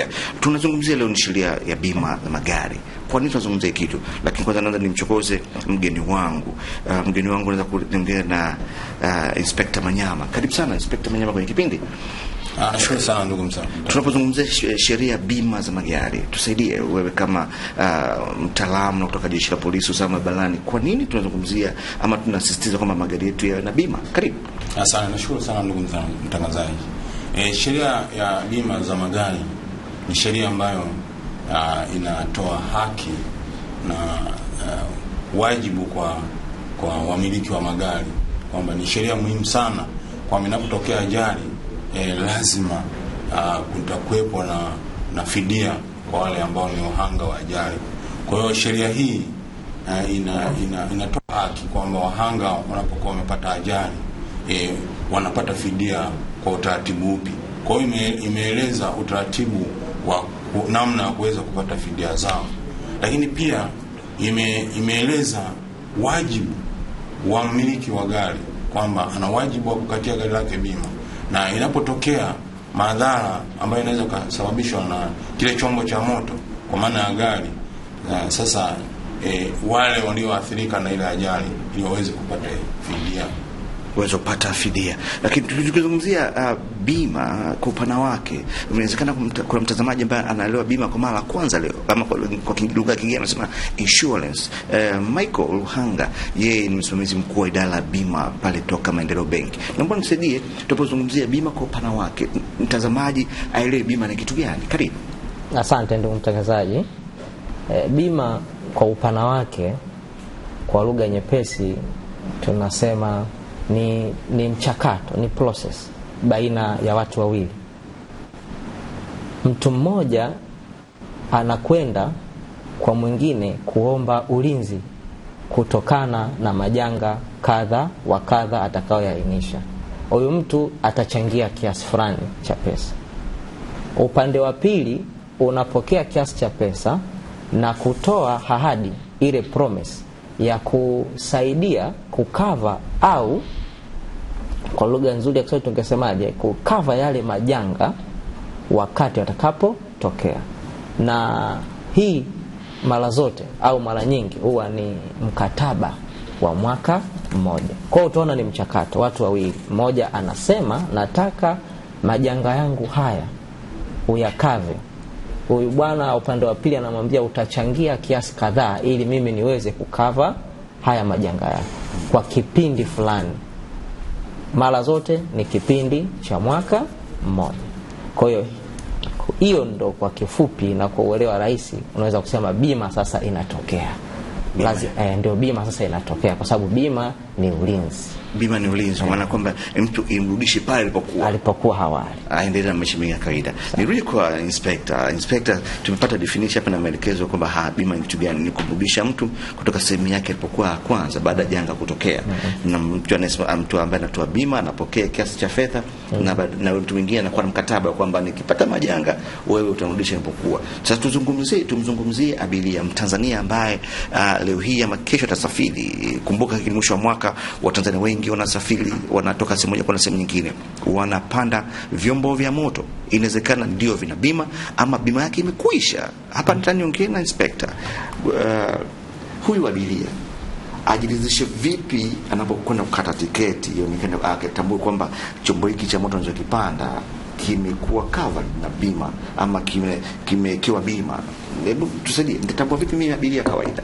sheria. Tunazungumzia leo ni sheria ya bima ya magari. Kwa nini tunazungumzia kitu? Lakini kwanza naanza nimchokoze mgeni wangu. Uh, mgeni wangu anaweza kuongea na uh, ah, Inspector Manyama. Karibu sana Inspector Manyama kwenye kipindi. Ah, nashukuru sana ndugu msa. Tunapozungumzia sheria bima za magari, tusaidie wewe kama uh, mtaalamu na kutoka jeshi la polisi usalama barani, kwa nini tunazungumzia ama tunasisitiza kwamba magari yetu yawe na bima? Karibu. Asante, nashukuru sana ndugu msa mtangazaji. E, sheria ya bima za magari ni sheria ambayo uh, inatoa haki na uh, wajibu kwa kwa wamiliki wa magari kwamba ni sheria muhimu sana, kwamba inapotokea ajali eh, lazima uh, kutakuwepo na, na fidia kwa wale ambao ni wahanga wa ajali. Kwa hiyo sheria hii uh, ina, ina, inatoa haki kwamba wahanga wanapokuwa wamepata ajali eh, wanapata fidia kwa utaratibu upi. Kwa hiyo ime, imeeleza utaratibu wa namna ya kuweza kupata fidia zao, lakini pia ime, imeeleza wajibu wa mmiliki wa gari kwamba ana wajibu wa kukatia gari lake bima, na inapotokea madhara ambayo inaweza kusababishwa na kile chombo cha moto kwa maana ya gari, na sasa e, wale walioathirika na ile ajali ili waweze kupata fidia uweze kupata fidia. Lakini tukizungumzia uh, bima kwa upana wake, inawezekana kuna mtazamaji ambaye anaelewa bima kwa mara kwanza leo, ama kwa lugha kingine anasema insurance. Uh, Michael Luhanga yeye ni msimamizi mkuu wa idara ya bima pale Toka Maendeleo Benki. Naomba nisaidie tunapozungumzia bima kwa upana wake, mtazamaji aelewe bima ni kitu gani. Karibu. Asante ndugu mtangazaji. E, bima kwa upana wake, kwa lugha nyepesi tunasema ni, ni mchakato, ni process baina ya watu wawili. Mtu mmoja anakwenda kwa mwingine kuomba ulinzi kutokana na majanga kadha wa kadha atakayoyainisha Huyu mtu atachangia kiasi fulani cha pesa. Upande wa pili unapokea kiasi cha pesa na kutoa ahadi ile promise ya kusaidia kukava au kwa lugha nzuri ya Kiswahili tungesemaje, kukava yale majanga wakati watakapotokea Na hii mara zote au mara nyingi huwa ni mkataba wa mwaka mmoja. Kwa hiyo utaona ni mchakato, watu wawili, mmoja anasema nataka majanga yangu haya uyakave huyu bwana upande wa pili anamwambia utachangia kiasi kadhaa ili mimi niweze kukava haya majanga yako kwa kipindi fulani mara zote ni kipindi cha mwaka mmoja. Kwa hiyo hiyo ndo kwa kifupi na kwa uelewa rahisi unaweza kusema bima sasa inatokea. Bima. Lazi, eh, ndio bima sasa inatokea kwa sababu bima ni ulinzi. Bima ni ulinzi, maana kwamba mtu imrudishe pale alipokuwa alipokuwa hawali, aendelee na maisha mengine ya kawaida. Nirudi kwa inspector. Inspector, tumepata definition hapa na maelekezo kwamba ha, bima ni kitu gani? Ni kumrudisha mtu kutoka sehemu yake alipokuwa kwanza baada ya janga kutokea, na mtu anasema, ah, mtu ambaye anatoa bima anapokea kiasi cha fedha, na na mtu mwingine anakuwa na mkataba kwamba nikipata majanga wewe utanirudisha nilipokuwa. Sasa tuzungumzie, tumzungumzie abiria Mtanzania ambaye ah, leo hii ama kesho atasafiri. Kumbuka mwisho wa mwaka kutoka. Watanzania wengi wanasafiri, wanatoka sehemu moja kwenda sehemu nyingine, wanapanda vyombo vya moto. Inawezekana ndio vina bima ama bima yake imekuisha. Hapa mm. ndani nitaniongea na inspekta uh, huyu abiria ajilizishe vipi anapokwenda kukata tiketi, ionekane ah, atambue kwamba chombo hiki cha moto anachokipanda kimekuwa covered na bima ama kimekiwa kime bima. Hebu tusaidie, nitatambua vipi mimi abiria kawaida?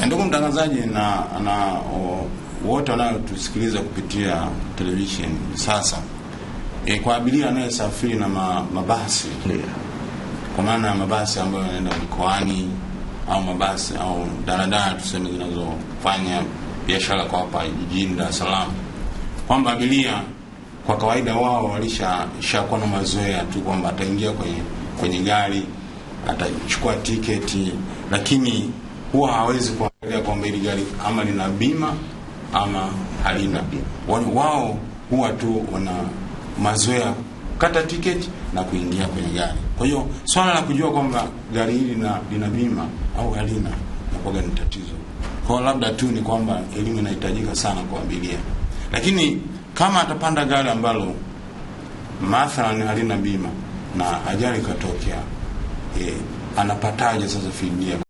Eh, ndugu mtangazaji na, na wote wanayotusikiliza kupitia television sasa, e, kwa abiria anayesafiri na ma, mabasi yeah. Kwa maana ya mabasi ambayo yanaenda mikoani au mabasi au daladala tuseme zinazofanya biashara kwa hapa jijini Dar es Salaam, kwamba abiria kwa kawaida wao walishakuwa na mazoea tu kwamba ataingia kwenye, kwenye gari atachukua tiketi lakini huwa hawezi kuangalia kwamba hili gari ama lina bima ama halina. bima Wao huwa tu wana mazoea kata tiketi na kuingia kwenye gari. Kwa hiyo swala la kujua kwamba gari hili lina, lina bima au halina nakuwaga ni tatizo kwao. Labda tu ni kwamba elimu inahitajika sana kwa abiria, lakini kama atapanda gari ambalo mathalan halina bima na ajali ikatokea, eh, anapataje sasa fidia?